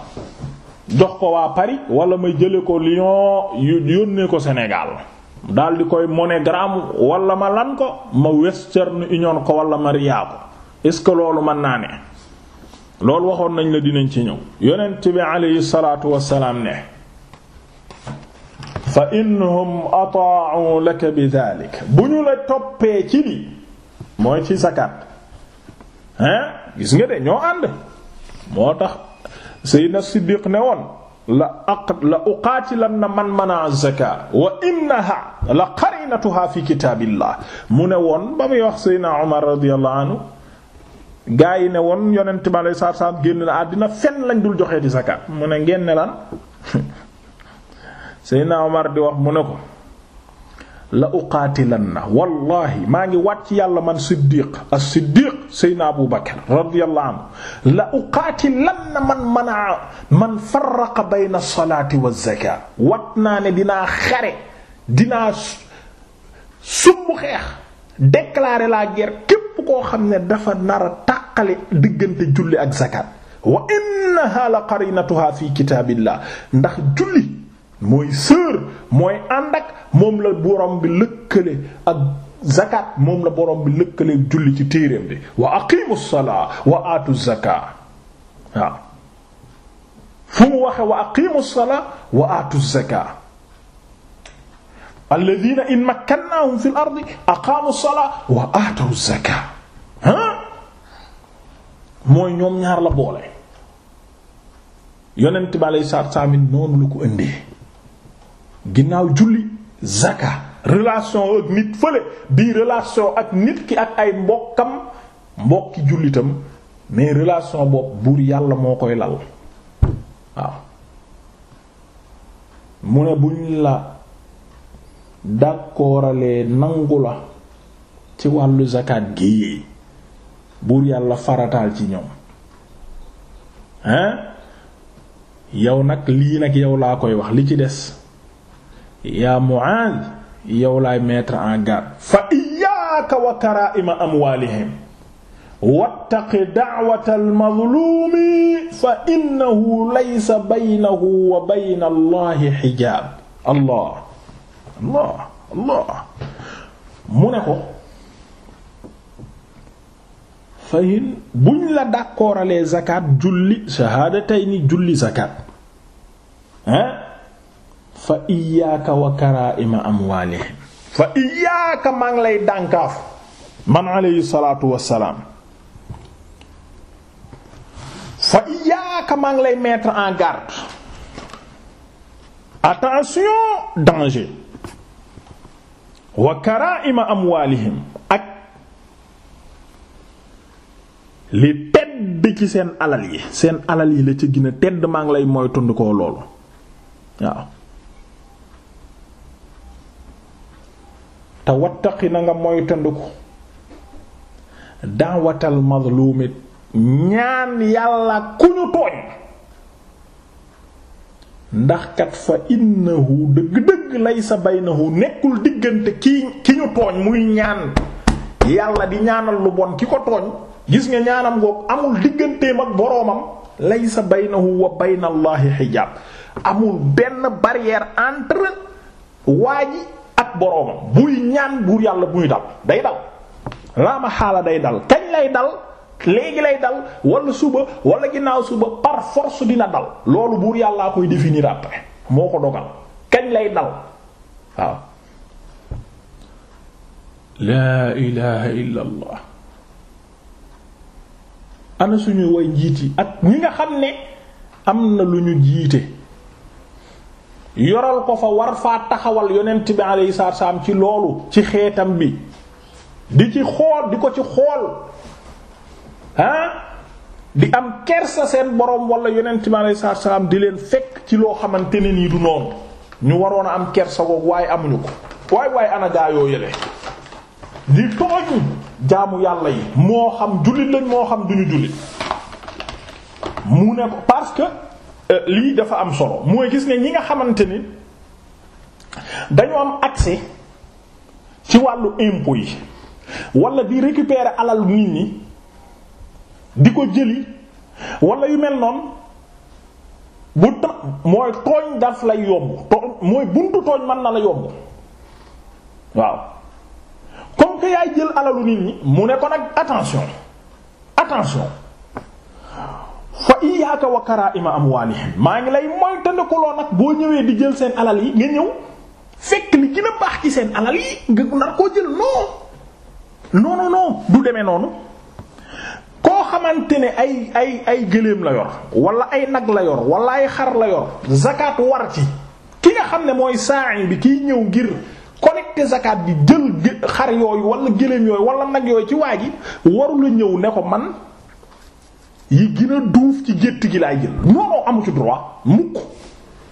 A: jox ko waa Paris wala ma jële ko Lyon yónnee ko Sénégal daal di koy MoneyGram wala ma lan ko ma Western Union ko wala ma Ria ko est-ce que loolu mën naa ne loolu waxoon nañ la dinañ ci ñëw yonent bi aleyhi salaatu wassalaam ne fa innahum ata'u laka bi dhalik bu ñu la toppee ci li mooy ci zakat hein gis nga de ñoo ànd moo tax Seydina Siddiq ne woon la aq la uqaatilan na man mana zaka wa innaha la qarinatuha fi kitaabillah mu ne woon ba muy wax Seydina Omar radiyallahu anhu gaa yi ne woon yonent bi alayhi salaatu salaam génn na àddina fenn lañ dul joxeeti zakat mu ne ngeen ne lan [LAUGHS] Seydina Omar di wax mu ne ko la uqaatilanna wallahi maa ngi waat ci yàlla man siddiq as-siddiq sayna abu bakar radiyallahu anhu la uqaatilanna man manaa man farraqa bayna salaati wa zakat wat naa ne dinaa xare dinaa sumb xeex déclarer la guerre képp koo xam ne dafa nar a tàqale diggante julli ak zakat wa innaha la qarinatuha fi kitaabillah ndax julli mooy sœur mooy ànd ak moom la borom bi lëkkale ak zakat moom la borom bi lëkkale julli ci téereem bi wa aqimu salaa wa aatu zakaa waaw fu mu waxe wa aqimu salaa wa aatu zakaa alladhina in makkannahum fil ardi aqaamu salaa wa mooy ñoom ñaar la boole yonent bi alayhi salaatu wa salaam noonu la ko ëndee ginnaaw julli zaka relation ak nit fële bii relation ak nit ki ak ay mbokkam mbokki jullitam mais relation bopp buur yàlla moo koy lal waaw mu ne buñ la dàkkooralee nangu la ci wàllu zakat géeyee buur yàlla farataal ci ñoom hein yow nag lii nag yow laa koy wax li ci des yaa Mu'aaz yow laay mettre en garde fa iyyaaka wa karaa'ima amwaalihim wattaqi da'watal mazluumi fa innahu laysa baynahu wa bayna Allahi hijaab Allah Allah Allah mu ne ko fahin buñ la d'accooralee zakat julli shahaadatayni julli zakat hein fa iyyaaka wa karaa'ima amwaalihim fa iyyaaka maa lay dànkaaf man alayhi salaatu wassalaam fa iyyaaka maa lay metre en garde attention danger wa karaa'ima amwaalihim ak li tedd ci seen alal yi seen alal yi la ci gën a tedd maa ngi lay moytandikoo loolu waaw te wattaqi na nga moytandiku daawatal mazlumit ñaan yàlla ku ñu tooñ ndax kat fa innahu dëgg-dëgg laysa baynahu nekkul diggante ki ki ñu tooñ muy ñaan yàlla di ñaanal lu bon ki ko tooñ gis nga ñaanam ngoog amul digganteem ak boroomam sa baynahu wa bayna allahi xijaab amul benn barrière entre waa ji ak boroomam buy ñaan buur yàlla buy dal day dal laama xaala day dal kañ lay dal léegi lay dal wala suba wala ginnaaw suba par dina dal loolu buur yàllaa koy définir après moo ko dogal kañ lay dal waaw laa ilaha illa ana suñu way jiit yi ak ñi nga xam ne am na lu ñu jiite yoral ko fa war faa taxawal yonent bi alayhi salaam ci loolu ci xeetam bi di ci xool di ko ci xool ah di am kersa seen boroom wala yonent bi alayhi salaam di leen fekk ci loo xamante ne nii du noonu ñu waroon a am kersa boobu waaye amuñu ko waaye waaye ana gaa yoo yële di tooñ jaamu yàlla yi moo xam jullit lañ moo xam duñu jullit mu ne parce que. Euh, lii dafa am solo mooy gis nga ñi nga xamante ni dañu am accès ci wàllu impôt yi wala di récupérer alal nit ñi di ko jëli wala yu mel noonu bu ta mooy tooñ daf lay yomb tooñ mooy buntu tooñ mën na la yomb waaw comme que yaay jël alalu nit ñi mu ne ko nag attention attention fa iyyaaka wa karaa'ima amwaalihim maa ngi lay moytandikuloo nag boo ñëwee di jël seen alal yi nga ñëw fekk li gën a baax ci seen alal yi nga nar koo jël non non du demee noonu koo xamante ne ay ay ay gëléem la yor wala ay nag la yor wala ay xar la yor zakat war ci ki nga xam ne mooy sa'i bi kiy ñëw ngir collecter zakat bi jël xar yooyu wala gëléem yooyu wala nag yooyu ci waa ji waru ñëw ne ko man. yi gën duuf ci gétt gi laay jël noonu amu ci droit mukk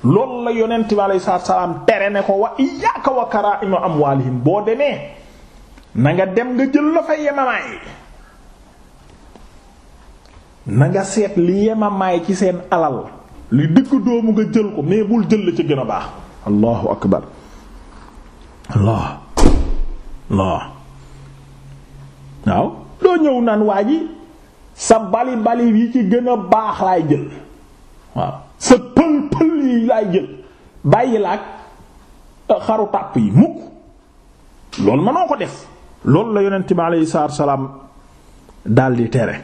A: loolu la yonent bi alayhi salaatu salaam tere ne ko wa iyyaka wa karaa'ima amwaalihim boo demee na nga dem nga jël la fa yemamaay na nga seet li yemamaay ci seen alal li dëkk doomu nga jël ko mais bul jël la ci gën baax allahu akbar allah waaw doo ñëw naan waa ji sa bali bali yi ci gën a baax laay jël waaw sa pël pël yi laay jël bàyyi la ak euh, xaru tàpp yi mukk loolu mënoo ko def loolu la yonent bi aleyhi salaatu salaam daldi tere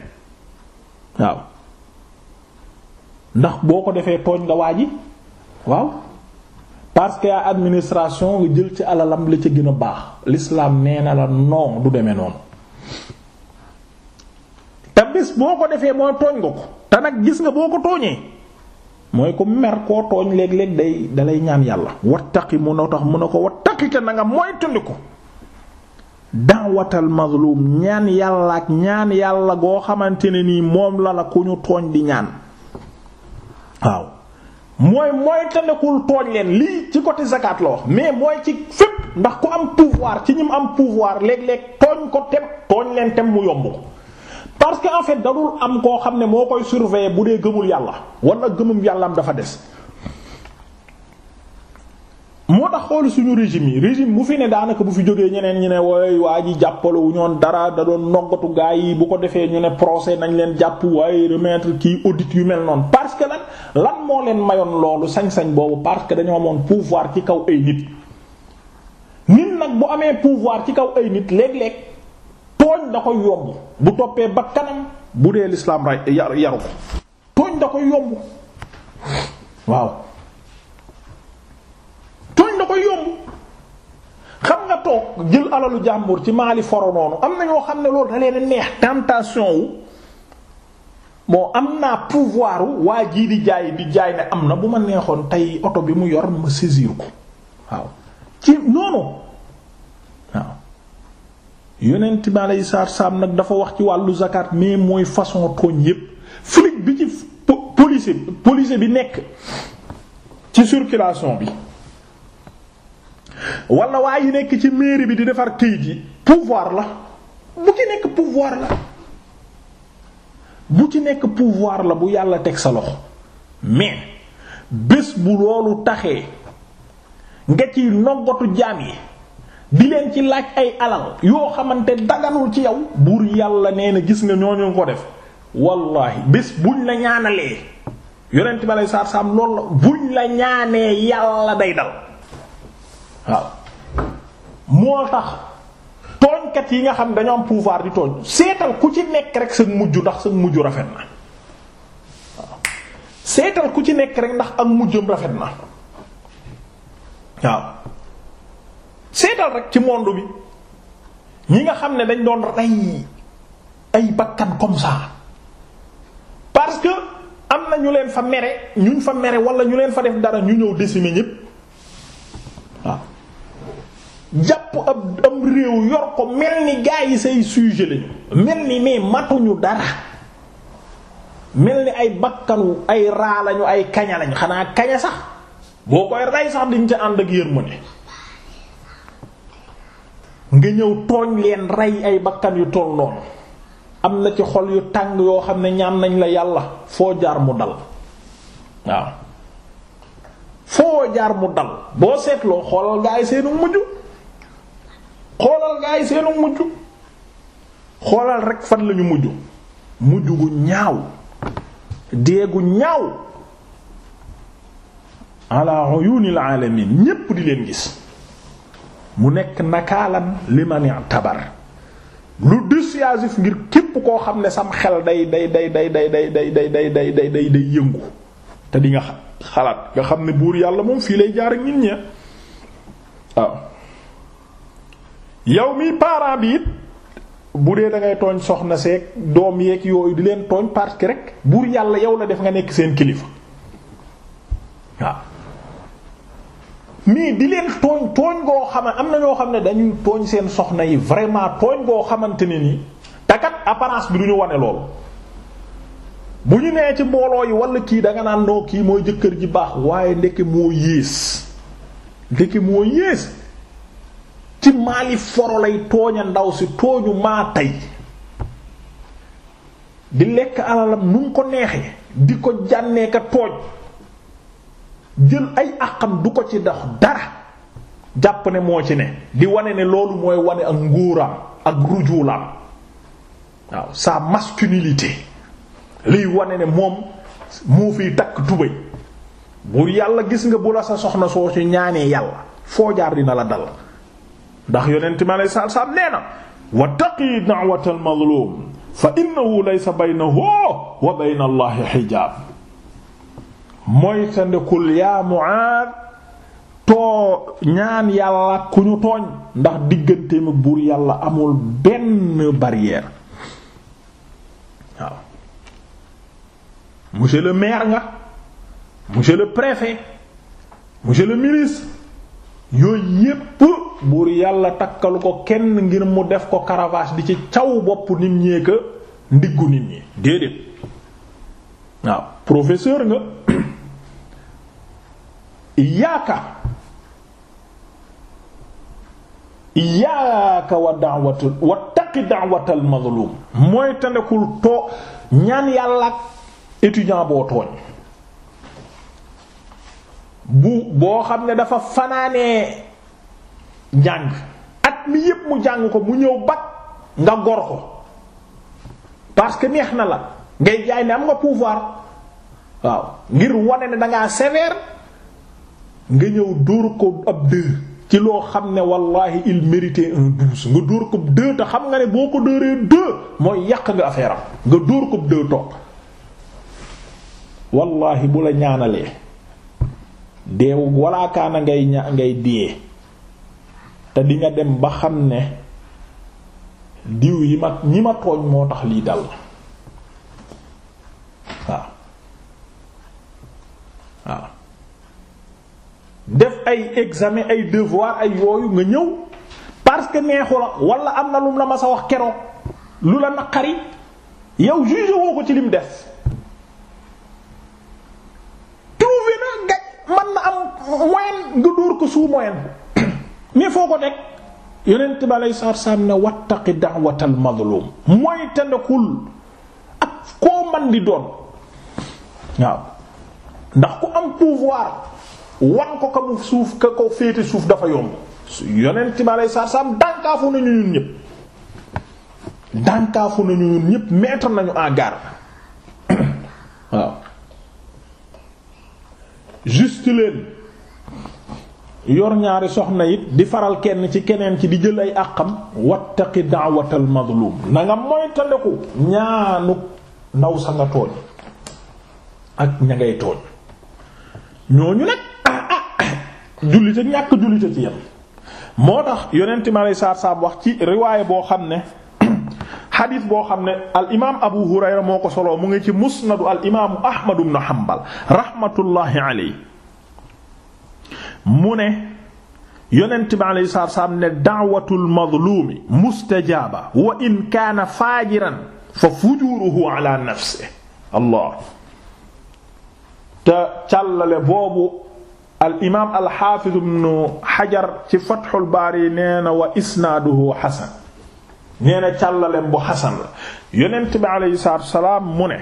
A: waaw ndax boo ko defee tooñ nga waa ji waaw parce que administration nga jël ci alalam la ci gën a baax lislaam nee na la non du demee noonu te boo ko defee moo tooñ nga ko te nag gis nga boo ko tooñee mooy ko mer koo tooñ léeg-léeg day dalay ñaan yàlla wattaqi mu noo tax mu ne ko wattaqi te na nga moytandi ko daawatal mazlum ñaan yàlla ak ñaan yàlla goo xamante ne nii moom la la ku ñu tooñ di ñaan waaw mooy moytandikul tooñ leen lii ci côté zakat la wax mais mooy ci fépp ndax ku am pouvoir ci ñim am pouvoir léeg-léeg tooñ ko tem tooñ leen tem mu yomb parce que en fait dadul am koo xam ne moo koy surveiller bu dee gëmul yàlla wala gëmum yàllaam dafa des moo tax xool suñu régime yi régime bu fi ne daanaka bu fi jógee ñeneen ñu ne wooy waa ji jàppalu wu ñoon dara da doon noggatu gaa yi bu ko defee ñu ne procès nañ leen jàpp waaye remettre kii audit yu mel noonu parce que lan lan moo leen mayoon loolu sañ-sañ boobu parce que dañoo amoon pouvoir ci kaw ay nit nit nag bu amee pouvoir ci kaw ay nit léeg tooñ da ko yomb bu toppee ba kanam bu dee lislaam ray yaru ko tooñ da koy yomb waaw tooñ da koy yomb xam nga toog jël alalu jàmbur ci maali foro noonu am na ñoo xam ne loolu da leen neex tentation wu bon am naa pouvoir waa jii di jaay di jaay ne am na bu ma neexoon tey oto bi mu yor ma saisir ko waaw ci noonu yonent bi alayhi salaatu salaam nag dafa wax ci wàllu zakat mais mooy façon tooñ yépp flic bi ci police police bi nekk ci circulation bi wala waa yi nekk ci mairie bi di defar këyit yi pouvoir la bu ci nekk pouvoir la bu ci nekk pouvoir la bu yàlla teg sa loxo mais bés bu loolu taxee nga ci noggatu jaam yi di leen ci laaj ay alal yoo xamante daganul ci yow buur yàlla nee na gis nga ñooñu nga ko def wallahi bés buñ la ñaanalee yonent bi alei satu salaam loolu la buñ la ñaanee yàlla day dal waaw moo tax tooñkat yi nga xam dañoo am pouvoir di tooñ seetal ku ci nekk rek seen mujj ndax seen mujj rafet seetal ku ci nekk rek ndax ak mujjam rafet na waaw seetal rek ci monde bi ñi nga xam ne dañ doon rey ay bakkan comme ça parce que am na ñu leen fa mere ñuñ fa mere wala ñu leen fa def dara ñu ñëw décimer ñépp waaw jàpp ab am réew yor ko mel ni gaa yi say sujet lañu mel ni mais matuñu dara mel ni ay bakkanu ay raa lañu ay kaña lañu xanaa kaña sax boo koy rey sax diñ ca ànd ak yërmande nga ñëw tooñ leen rey ay bakkan yu toll noonu am na ci xol yu tàng yoo xam ne ñaan nañ la yàlla foo jaar mu dal waaw foo jaar mu dal boo seetloo xoolal gaa yi seenu mujj xoolal gaa yi seenu xoolal rek fan lañu mujj mujj gu ñaaw deegu ñaaw ala uyunil alamin ñépp di leen gis mu nekk nakaalan li man i'tabar lu dissuasif ngir képp koo xam ne sam xel day day day day day day day day day day day day day yëngu te dinga xa xalaat nga xam ne buur yàlla moom fii lay jaar ak nit ñi waaw yow mi parent bi it bu dee dangay ngay tooñ soxna seeg doom yeeg yooyu di leen tooñ parce rek buur yàlla yow la def nga nekk seen kilifa waaw mais di leen tooñ tooñ goo xama am na ñoo xam ne dañuy tooñ seen soxna yi vraiment tooñ goo xamante ne nii takat apparence bi du ñu wane loolu bu ñu nee ci mbooloo yi wala kii danga naan noo kii mooy jëkkër ji baax waaye ndeke moo yées ndeke moo yées ci maali foro lay tooña ndaw si tooñu maa tey di lekk alalam nu mu ko neexee di ko jànnee ka tooñ jël ay àqam du ko ci dox dara jàpp ne moo ci ne di wane ne loolu mooy wane ak nguuraam ak rujuulaam waaw sa masculinité liy wane ne moom mu fiy takk tubéy bu yàlla gis nga bu la sa soxna soo ci ñaanee yàlla foo jaar dina la dal ndax yonent ma lay saab nee na wattaqi da'watal mazlum fa innahu laysa baynahu wa bayna allahi hijab moytandikul yaa Muaad too ñaan yàlla ku ñu tooñ ndax diggante mi buur yàlla amul benn barrière waaw monsieur le maire nga monsieur le préfet monsieur le ministre yooyu yépp buur yàlla takkalu ko kenn ngir mu def ko caravage di ci caw bopp nit ñee ka ndiggu nit ñi déedéet waaw professeur nga iyyaka iyyaka wa da'watu wattaqi da'watal mazlum mooy tandekul too ñaan yàlla ak étudiant boo tooñ bu boo xam ne dafa fanaanee jàng at mi yépp mu jàng ko mu ñëw bat nga gor ko parce que neex na la ngay jaay ne am nga pouvoir waaw ngir wane ne dangaa sévère nga ñëw dóor ko ab deux ci loo xam ne wallahi il méritait un douze nga dóor ko deux te xam nga ne boo ko dóoree deux mooy yàq nga affaire nga dóor ko deux topp wallahi bu la ñaanalee deewu walaakaana ngay ña ngay diyee te di nga dem ba xam ne diw yi ma ñi ma tooñ moo tax lii dal waaw waaw def ay examen ay devoir ay yooyu nga ñëw parce que neexu la wala am na lum la ma sa wax keroog lu la naqari yow juge woo ko ci lim des trouvé na gaj man na am moyen nga dóor ko suu moyen [COUGHS] mais foo ko teg yonent bi aleyhi salaatu salaam ne wattaqi da'watal mazlum mooy tandakul ak koo man di doon waaw ndax ku am pouvoir wan ko ka suuf ka ko féete suuf dafa yomb yonent ma lay saar saam dànkaafu nañu ñun ñëpp ñun ñëpp mettre nañu en garde [COUGHS] waaw juste leen yor ñaari soxna it di faral kenn ci keneen ci di jël ay àqam wattaqi da'watal mazlum na nga moytandiku ñaanu ndaw sa nga tooñ ak ña ngay tooñ ñooñu nag jullite ñàkk jullite ci yam moo tax yonenti boo xam ne [CLEARS THROAT] xadis boo xam ne al Abu Hurayra moo ko soloo mu ngi ci musnadu al imaamu Ahmad ibn Hanbal rahmatullahi mu ne da'watul mustajaaba wa in kaana faajiran fa fujuruhu ala nafsihi allah te boobu al imaam al xajar ci Fathul Baari nee na wa isnaaduhu xasan nee na càllalem bu xasan la yonent bi aleyhi salaatu wasalaam mu ne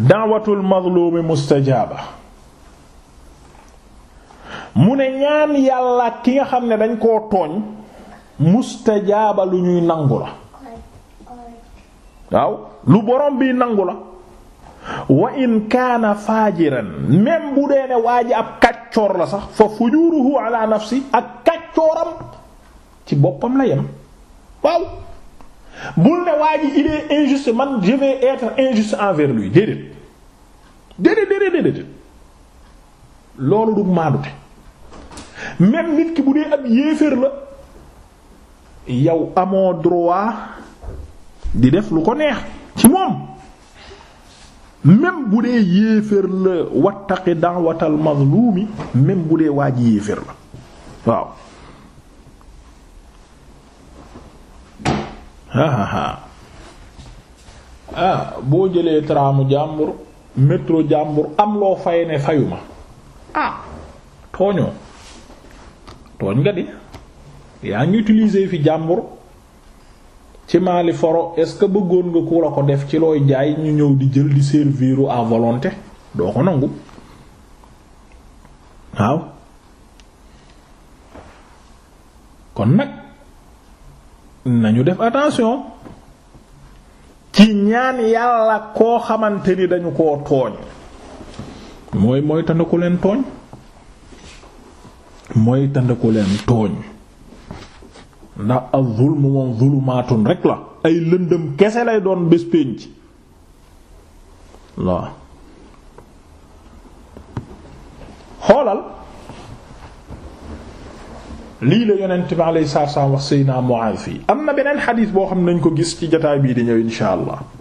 A: da'watul mazluumi mustajaaba mu ne ñaan yàlla ki nga xam ne dañ koo tooñ mustajaaba lu ñuy nangu la waaw lu borom bi nangu la wa in kaana faajiran la sax fa fujuruhu ala nafsi boppam la yem waaw bul ne waa ji il est injuste man injuste envers lui déedéet loolu du maadute même nit ki bu dee ab yéeféer la yow amoo droit di def lu ko neex ci moom même bu dee yéeféer la wattaqi da'watal mazlumi même bu dee waa ji yéeféer la waaw ah ah boo jëlee traamu jàmbur métro jàmbur am loo fay ne fayuma ah tooñoo tooñ nga di yaa ngi utiliser fi jàmbur ci maali foro est-ce que bëggoon nga ku la ko def ci looy jaay ñu ñëw di jël di serviru à volonté doo ko nangu waaw kon nag nañu def attention ci ñaan yàlla koo xamante ni dañu koo tooñ mooy mooy tënd ku leen tooñ mooy tënd ku leen tooñ ndax az-zulmu moom rek la ay lëndëm kese lay doon bés pénc waaw xoolal lii la yonent bi alayhi salaatu wa salaam wax Seydina Muaaz fii am na beneen xadiis boo xam nañ ko gis ci jotaay bii di ñëw insha allah